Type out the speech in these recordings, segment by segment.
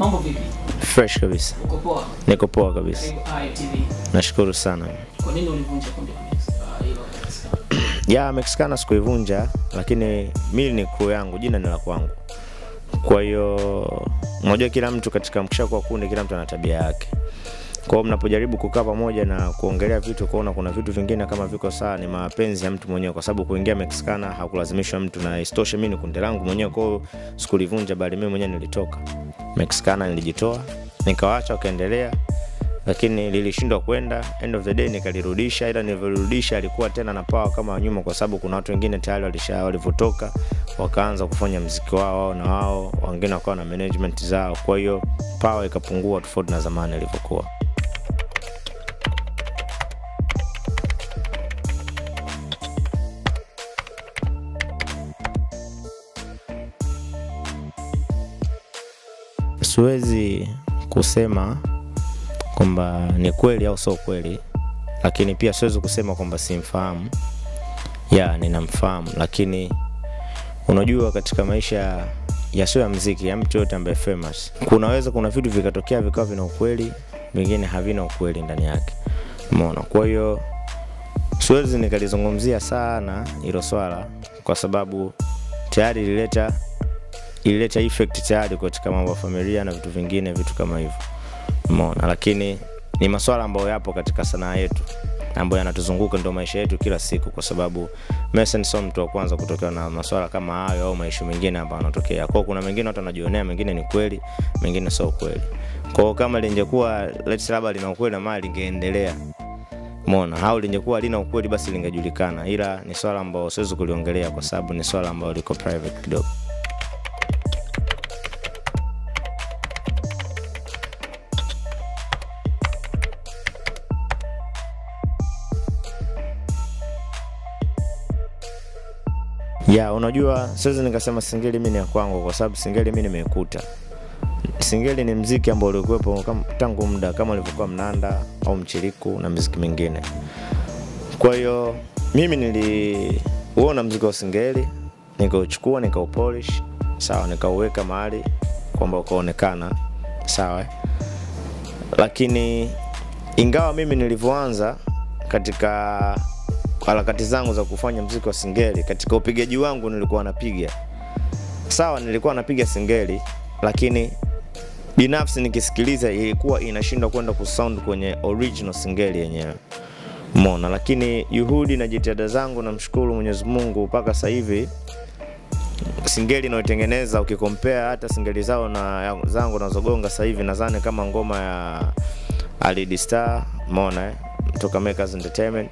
Mambo vipi? Fresh kabisa. Uko poa? Niko poa kabisa. Nashukuru sana. Kwa nini ulivunja kundi la ah, ya Mexicana sikuivunja, lakini mimi ni crew yangu, jina ni la kwangu. Kwa hiyo unajua, kila mtu katika mkishakuwa kundi, kila mtu ana tabia yake kwao mnapojaribu kukaa pamoja na kuongelea vitu kuona kuna vitu vingine kama viko sawa ni mapenzi ya mtu mwenyewe kwa sababu kuingia mexicana hakulazimishwa mtu na istoshe mimi ni kundi langu mwenyewe kwao sikulivunja bali mimi mwenyewe nilitoka mexicana nilijitoa nikawaacha wakaendelea lakini lilishindwa kwenda end of the day nikalirudisha ila nilivyorudisha alikuwa tena na power kama nyuma kwa sababu kuna watu wengine tayari walisha walivotoka wakaanza kufanya mziki wao wao na wao wengine wakawa na management zao kwa hiyo power ikapungua tofauti na zamani ilivyokuwa siwezi kusema kwamba ni kweli au sio kweli, lakini pia siwezi kusema kwamba simfahamu. Ya, ninamfahamu, lakini unajua katika maisha sio ya mziki ya mtu yote ambaye famous, kunaweza kuna vitu vikatokea vikawa vina ukweli, vingine havina ukweli ndani yake, umeona. Kwa hiyo siwezi nikalizungumzia sana hilo swala, kwa sababu tayari lileta ilileta effect tayari katika mambo ya familia na vitu vingine, vitu kama hivyo, umeona. Lakini ni masuala ambayo yapo katika sanaa yetu ambayo yanatuzunguka ndio maisha yetu kila siku, kwa sababu Mason sio mtu wa kwanza kutokea na masuala kama hayo au maisha mengine ambayo yanatokea Kwa Kuna mengine watu wanajionea, mengine ni kweli, mengine sio kweli. Kwa hiyo kama lingekuwa let's labda lina ukweli na mali lingeendelea Umeona? Hao lingekuwa lina ukweli basi lingejulikana, ila ni swala ambalo siwezi kuliongelea kwa sababu ni swala ambalo liko private kidogo. ya unajua siwezi nikasema singeli mi ni ya kwangu kwa sababu singeli mi nimeikuta singeli ni mziki ambao ulikuwepo tangu muda kama ulivyokuwa mnanda au mchiriku na miziki mingine kwa hiyo mimi niliuona mziki wa singeli nikauchukua nikaupolish sawa nikauweka mahali kwamba ukaonekana sawa lakini ingawa mimi nilivyoanza katika harakati zangu za kufanya mziki wa singeli, katika upigaji wangu nilikuwa napiga sawa, nilikuwa napiga singeli, lakini binafsi nikisikiliza ilikuwa inashindwa kwenda kusound kwenye original singeli yenyewe mona, lakini juhudi na jitihada zangu, namshukuru Mwenyezi Mungu mpaka sasa hivi singeli inayotengeneza ukikompea hata singeli zao na zangu nazogonga sasa hivi, nadhani kama ngoma ya Alidi Star mona eh, toka Makers Entertainment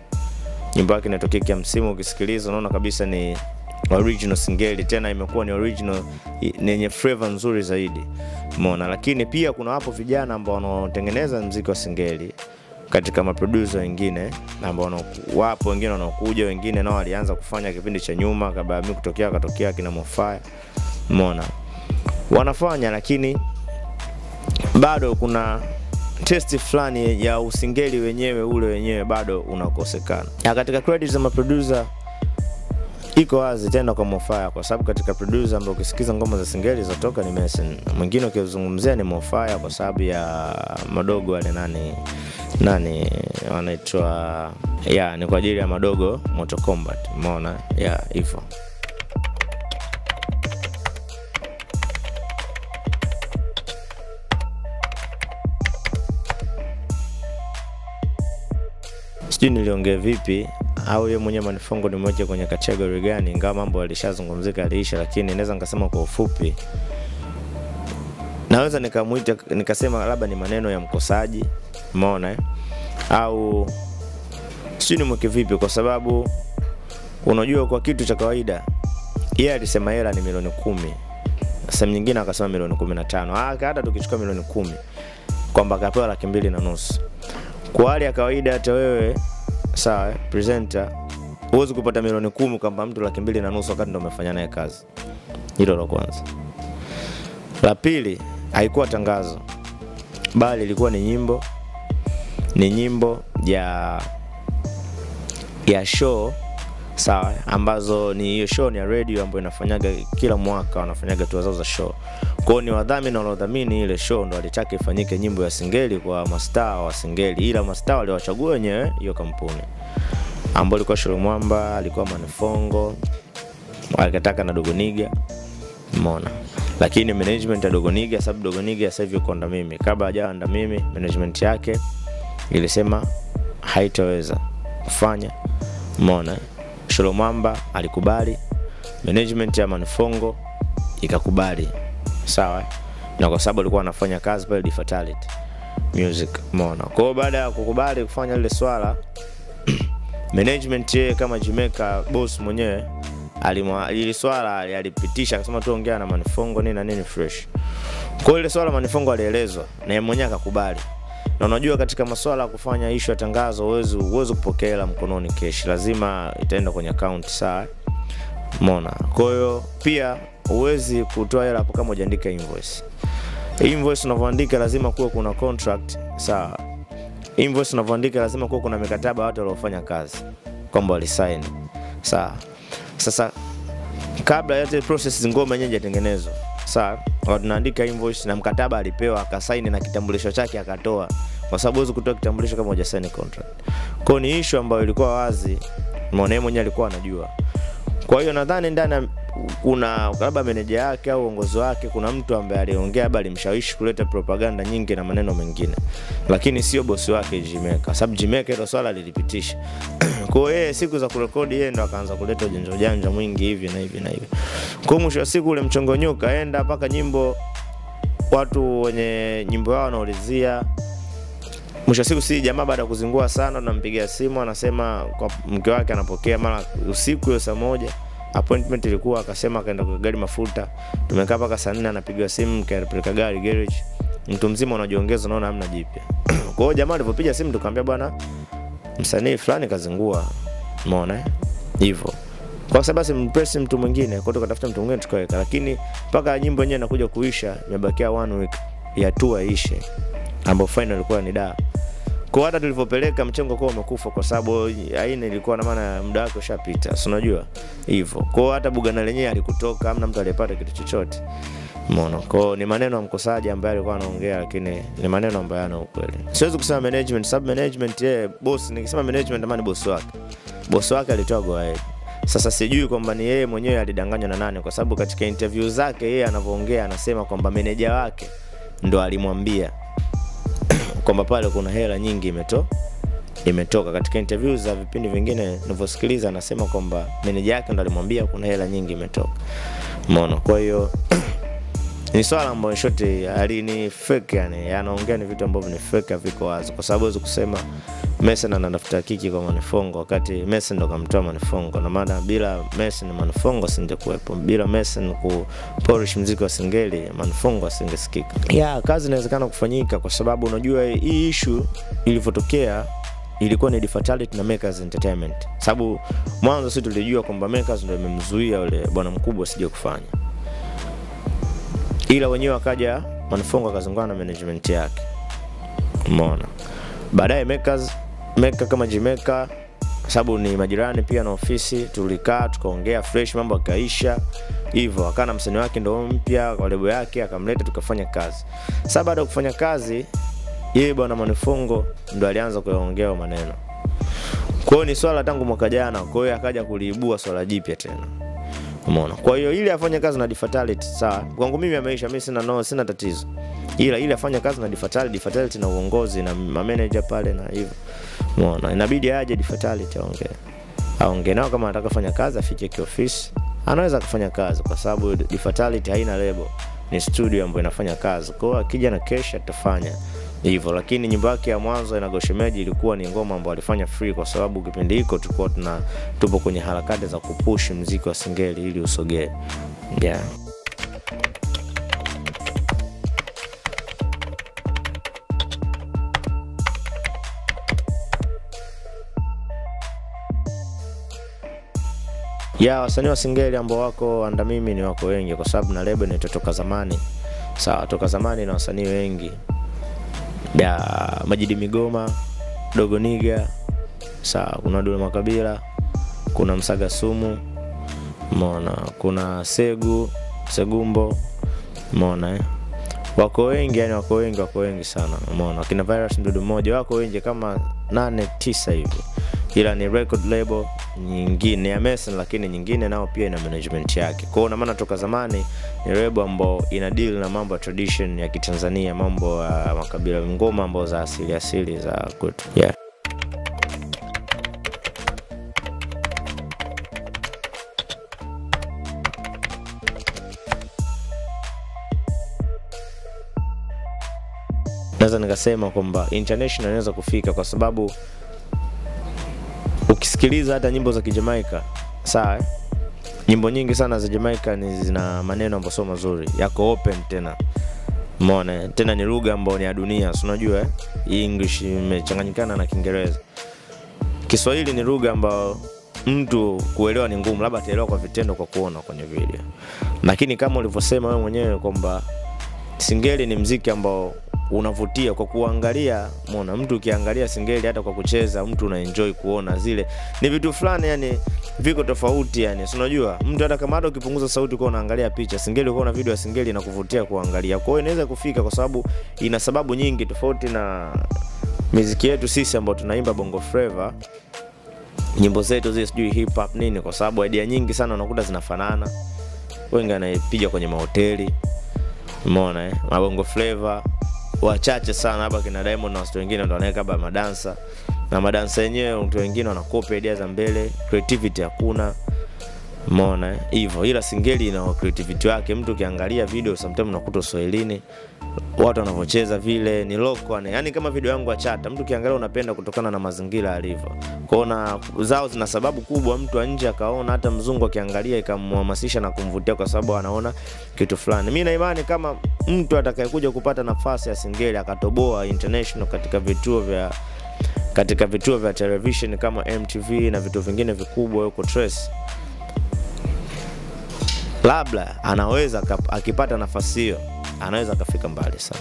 nyimbo yake inatokea kia msimu ukisikiliza unaona kabisa ni original singeli tena imekuwa ni original yenye flavor nzuri zaidi umeona lakini pia kuna wapo vijana ambao wanaotengeneza mziki wa singeli katika maproducer wengine ambao wapo wengine wanaokuja wengine nao walianza kufanya kipindi cha nyuma kabla ya mimi kutokea akatokea kina Mofaya umeona wanafanya lakini bado kuna testi fulani ya usingeli wenyewe ule wenyewe bado unakosekana. Na katika credits za maproducer iko wazi tena kwa Mofaya kwa sababu katika producer ambaye ukisikiza ngoma za singeli toka ni Mason. Mwingine ukizungumzia ni Mofaya kwa sababu ya madogo wale nani nani wanaitwa ya ni kwa ajili ya madogo Moto Combat. umeona ya hivyo. sijui niliongea vipi au yeye mwenyewe Manifongo ni mmoja kwenye kategori gani, ingawa mambo yalishazungumzika aliisha, lakini naweza nikasema kwa ufupi, naweza nikamwita nikasema labda ni maneno ya mkosaji, umeona eh? au sijui ni nimweke vipi, kwa sababu unajua kwa kitu cha kawaida yeye alisema hela ni milioni kumi sehemu nyingine akasema milioni kumi na tano ah, hata tukichukua milioni kumi kwamba akapewa laki mbili na nusu kwa hali ya kawaida hata wewe sawa presenter huwezi kupata milioni kumi kama mtu laki mbili na nusu wakati ndo umefanya naye kazi. Hilo la kwanza. La pili haikuwa tangazo, bali ilikuwa ni nyimbo, ni nyimbo ya ya show sawa, ambazo ni hiyo show ni ya radio ambayo inafanyaga kila mwaka, wanafanyaga tour zao za show kwao ni wadhamini wanaodhamini ile show ndo alitaka ifanyike nyimbo ya singeli kwa mastaa wa singeli, ila mastaa waliwachagua wenyewe hiyo kampuni ambao alikuwa Shule Mwamba, alikuwa Manifongo, akataka na Dogoniga, umeona lakini management ya Dogoniga, sababu Dogoniga sasa hivi yuko anda mimi, kabla hajawa anda mimi, management yake ilisema haitaweza kufanya, umeona. Sholo Mwamba alikubali, management ya Manifongo ikakubali sawa eh? na kwa sababu alikuwa anafanya kazi pale Di Fatality Music, mona Kwa hiyo baada ya kukubali kufanya lile swala management yeye kama Jimeka boss mwenyewe ili swala alipitisha akasema tu ongea na Manifongo nini na nini fresh. Kwa lile swala Manifongo alielezwa na yeye mwenyewe akakubali. Na unajua katika masuala ya kufanya ishu ya tangazo huwezi huwezi kupokea hela mkononi kesh, lazima itaenda kwenye account saa. mona Kwa hiyo pia huwezi kutoa hela hapo kama hujaandika invoice. Invoice unavyoandika lazima kuwe kuna contract, sawa. Invoice unavyoandika lazima kuwe kuna mikataba watu waliofanya kazi kwamba walisign. Sawa. Sasa kabla ya yote process ngoma yenyewe haijatengenezwa. Sawa. Tunaandika invoice na mkataba alipewa akasaini na kitambulisho chake akatoa kwa sababu huwezi kutoa kitambulisho kama hujasaini contract. Kwa ni issue ambayo ilikuwa wazi, Monae mwenyewe alikuwa anajua. Kwa hiyo nadhani ndani kuna labda meneja yake au uongozi wake, kuna mtu ambaye aliongea labda alimshawishi kuleta propaganda nyingi na maneno mengine, lakini sio bosi wake Jimeka, sababu Jimeka hilo swala lilipitisha kwa yeye siku za kurekodi yeye ndo akaanza kuleta ujanja ujanja mwingi hivi na hivi na hivi. Kwa mwisho wa siku ule mchongonyuka enda mpaka nyimbo watu wenye nyimbo yao wanaulizia mwisho siku si jamaa baada ya kuzingua sana tunampigia simu anasema kwa mke wake anapokea mara usiku hiyo saa moja appointment ilikuwa, akasema akaenda kwa gari mafuta, tumekaa mpaka saa nne, anapigwa simu, kapeleka gari garage, mtu mzima unajiongeza, unaona amna jipya. Kwa hiyo jamaa alipopiga simu, tukamwambia bwana, msanii fulani kazingua, umeona eh? hivyo kwa sababu basi mpresi mtu mwingine, kwa tukatafuta mtu mwingine tukaweka, lakini mpaka nyimbo yenyewe inakuja kuisha, imebakia one week ya tour ishe, ambayo final ilikuwa ni daa kwa hata tulivopeleka mchengo kwa umekufa kwa sababu aina ilikuwa na maana muda wake ushapita. Si unajua? Hivyo. Kwa hiyo hata Bugana lenyewe alikutoka amna mtu aliyepata kitu chochote. Umeona? Kwa ni maneno ya mkosaji ambaye alikuwa anaongea lakini ni maneno ambayo yana ukweli. Siwezi kusema management, sub management yeye boss, nikisema management amani boss wake. Boss wake alitoa go ahead. Sasa sijui kwamba ni yeye mwenyewe alidanganywa na nani, kwa sababu katika interview zake yeye anavyoongea anasema kwamba meneja wake ndo alimwambia kwamba pale kuna hela nyingi imeto, imetoka. Katika interview za vipindi vingine nilivyosikiliza, anasema kwamba meneja yake ndo alimwambia kuna hela nyingi imetoka, umeona. Kwa hiyo ni swala ambayo shoti alini fake, yani anaongea ni vitu ambavyo ni fake, viko wazi, kwa sababu huwezi kusema Messi anatafuta kiki kwa Manifongo wakati Messi ndo kamtoa Manifongo, na maana bila Messi na Manifongo singekuwepo, bila Messi ku polish muziki wa singeli Manifongo asingesikika. Yeah, kazi inawezekana kufanyika kwa sababu unajua hii issue ilivyotokea ilikuwa ni fatality na Makers Entertainment, sababu mwanzo sisi tulijua kwamba Makers ndio imemzuia yule bwana mkubwa sije kufanya, ila wenyewe akaja Manifongo akazungana na management yake, umeona baadaye Makers Meka kama Jimeka kwa sababu ni majirani pia na ofisi, tulikaa tukaongea fresh, mambo akaisha hivyo, akana msanii wake ndio mpya kwa lebo yake, akamleta tukafanya kazi. Sasa baada ya kufanya kazi, yeye bwana Manifungo ndo alianza kuongea maneno. Kwa ni swala tangu mwaka jana, kwa hiyo akaja kuliibua swala jipya tena. Umeona? Kwa hiyo ile afanya kazi na Difatality sawa. Kwangu mimi ameisha, mimi sina no, sina tatizo. Ila ile afanya kazi na Difatality, Difatality na uongozi na manager pale na hivyo. Mwana, Inabidi aje di fatality aongee. Aongee nao kama anataka kufanya kazi afike kiofisi. Anaweza kufanya kazi kwa sababu di fatality haina lebo. Ni studio ambayo inafanya kazi. Kwa hiyo akija na kesha atafanya hivyo lakini nyimbo yake ya mwanzo na Goshemeji ilikuwa ni ngoma ambayo alifanya free kwa sababu kipindi hiko tulikuwa tuna tupo kwenye harakati za kupush mziki wa singeli ili usogee yeah. ya wasanii wa singeli ambao wako anda mimi ni wako wengi, kwa sababu na lebo toka zamani, sawa, toka zamani na wasanii wengi ya Majidi Migoma, Dogo Niga, sawa, kuna Dule Makabila, kuna Msaga Sumu, mona kuna Segu Segumbo, mona eh? wako wengi yani, wako wengi, wako wengi sana, mona kina Virus, mdudu mmoja, wako wengi kama nane tisa hivi ila ni record label nyingine ya Mason, lakini nyingine nao pia ina management yake. Kwa hiyo maana toka zamani ni label ambayo ina deal na mambo ya tradition ya Kitanzania, mambo ya uh, makabila, ngoma ambao za asili asili za kwetu yeah. naweza nikasema kwamba international inaweza kufika kwa sababu ukisikiliza hata nyimbo za Kijamaika sawa, eh? nyimbo nyingi sana za jamaika ni zina maneno ambayo sio mazuri, yako open tena Umeona? Eh? Tena ni lugha ambayo ni ya dunia, si unajua eh? English imechanganyikana na Kiingereza. Kiswahili ni lugha ambayo mtu kuelewa ni ngumu, labda ataelewa kwa vitendo, kwa kuona kwenye video. Lakini kama ulivyosema wewe mwenyewe kwamba Singeli ni mziki ambao unavutia kwa kuangalia mona mtu ukiangalia singeli hata kwa kucheza mtu unaenjoy kuona zile ni vitu fulani yani viko tofauti yani si unajua mtu hata kama hata ukipunguza sauti kwa unaangalia picha singeli kwa una video ya singeli na kuvutia kuangalia kwa hiyo inaweza kufika kwa sababu ina sababu nyingi tofauti na miziki yetu sisi ambao tunaimba bongo flava nyimbo zetu zile sijui hip hop nini kwa sababu idea nyingi sana unakuta zinafanana wengi anapiga kwenye mahoteli umeona eh mabongo flavor wachache sana hapa kina Diamond na watu wengine ndo wanaweka madansa na madansa yenyewe watu wengine wanakopi idea za mbele, creativity hakuna. Umeona eh? hivyo, ila singeli ina creativity wake. Mtu ukiangalia video sometimes unakuta Swahilini watu wanavyocheza vile ni lokwane, yani kama video yangu achata, mtu ukiangalia unapenda kutokana na mazingira alivyo. na zao zina sababu kubwa, mtu anje akaona, hata mzungu akiangalia ikamhamasisha na kumvutia, kwa sababu anaona kitu fulani. Mimi na imani kama mtu atakayekuja kupata nafasi ya singeli akatoboa international katika vituo vya katika vituo vya television kama MTV na vitu vingine vikubwa huko Trace labda anaweza akipata nafasi hiyo anaweza akafika mbali sana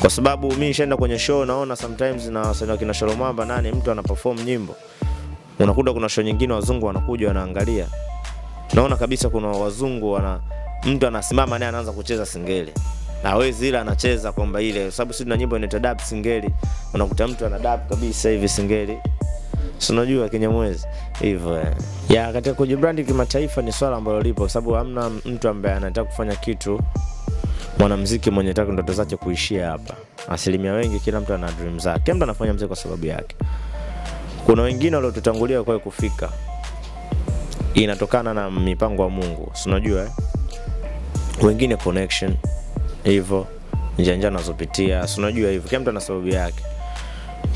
kwa sababu mi nishaenda kwenye show naona sometimes na wasanii wakina Shalomamba nani mtu ana perform nyimbo unakuta kuna show nyingine wazungu wanakuja wanaangalia naona kabisa kuna wazungu wana mtu anasimama naye anaanza kucheza singeli hawezi ila anacheza kwamba ile sababu sisi tuna nyimbo inaitwa dab singeli unakuta mtu ana dab kabisa hivi singeli si unajua Kinyamwezi hivyo eh. ya katika kujibrandi kimataifa ni swala ambalo lipo kwa sababu hamna mtu ambaye anataka kufanya kitu mwanamuziki mwenye taka ndoto zake kuishia hapa. Asilimia wengi, kila mtu ana dream zake, kila mtu anafanya mziki kwa sababu yake. Kuna wengine waliotutangulia kwa kufika, inatokana na mipango ya Mungu, si unajua eh? Wengine connection hivyo, njia njia anazopitia, si unajua hivyo, kila mtu ana sababu yake.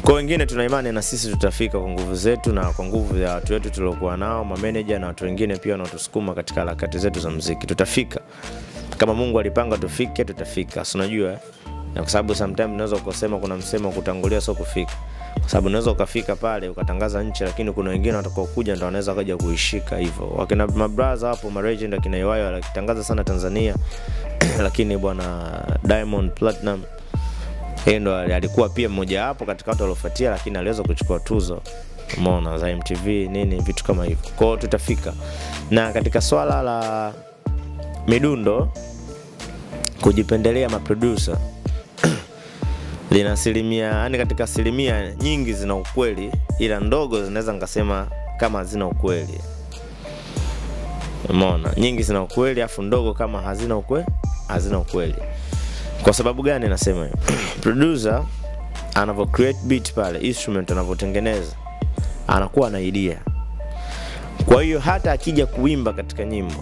Kwa wengine tuna imani na sisi tutafika kwa nguvu zetu na kwa nguvu ya watu wetu tuliokuwa nao, mameneja na watu wengine pia wanaotusukuma katika harakati zetu za mziki. Tutafika kama Mungu alipanga tufike, tutafika, si unajua eh? na kwa sababu sometimes unaweza ukasema, kuna msemo kutangulia sio kufika, kwa sababu unaweza ukafika pale ukatangaza nchi, lakini kuna wengine watakao kuja ndo wanaweza kaja kuishika hivyo. Wakina mabraza hapo malegend akina Iwayo alitangaza sana Tanzania lakini bwana Diamond Platinum yeye ndo alikuwa pia mmoja wapo katika watu waliofuatia, lakini aliweza kuchukua tuzo umeona za MTV nini vitu kama hivyo. Kwao tutafika. Na katika swala la midundo kujipendelea maproducer lina asilimia yani, katika asilimia nyingi zina ukweli, ila ndogo zinaweza nikasema kama hazina ukweli. Umeona, nyingi zina ukweli afu ndogo kama hazina ukweli, hazina ukweli. Kwa sababu gani nasema hiyo? Producer anavyo create beat pale, instrument anavyotengeneza, anakuwa na idea. Kwa hiyo hata akija kuimba katika nyimbo,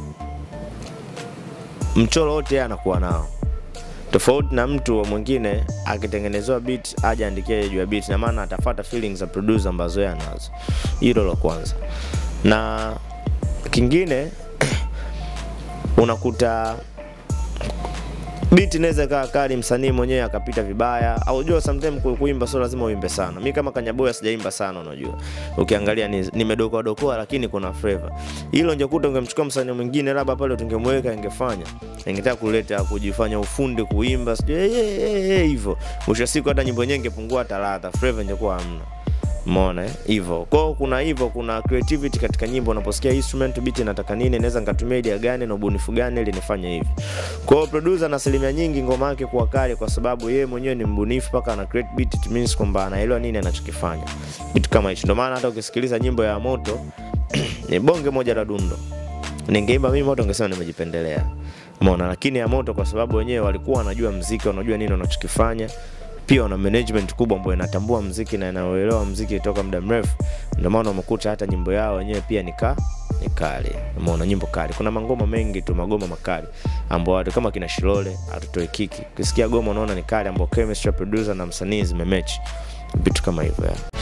mchoro wote anakuwa nao tofauti na mtu wa mwingine akitengenezewa beat aje andikie juu ya beat, na maana atafuata feelings za producer ambazo yeye anazo. Hilo la kwanza, na kingine unakuta Beat inaweza ikawa kali, msanii mwenyewe akapita vibaya. Au unajua sometimes kuimba sio lazima uimbe sana. Mimi kama Kanyaboya sijaimba sana unajua. Ukiangalia nimedokoa dokoa lakini kuna flavor. Hilo ungekuta ungemchukua msanii mwingine labda pale tungemweka ingefanya. Ingetaka kuleta kujifanya ufundi kuimba sio eh, eh, eh, hivyo. Mwisho siku hata nyimbo yenyewe ingepungua hata ladha, flavor ingekuwa hamna umeona eh? hivo kwao kuna hivo kuna creativity katika nyimbo unaposikia instrument biti nataka nini naweza nikatumia idea gani na ubunifu gani ili nifanye hivi kwao producer na asilimia nyingi ngoma yake kuwa kali kwa sababu yeye mwenyewe ni mbunifu mpaka ana create beat it means kwamba anaelewa nini anachokifanya kitu kama hicho ndio maana hata ukisikiliza nyimbo ya moto ni bonge moja la dundo ningeimba mimi moto ningesema nimejipendelea umeona lakini ya moto kwa sababu wenyewe walikuwa wanajua mziki wanajua nini wanachokifanya pia wana management kubwa ambayo inatambua mziki na inaoelewa mziki toka muda mrefu ndio maana wamekuta hata nyimbo yao wenyewe pia nika ni kali umeona nyimbo kali kuna mangoma mengi tu magoma makali ambao watu kama kina shilole atutoe kiki ukisikia goma unaona ni kali ambao chemistry producer na msanii zimemechi vitu kama hivyo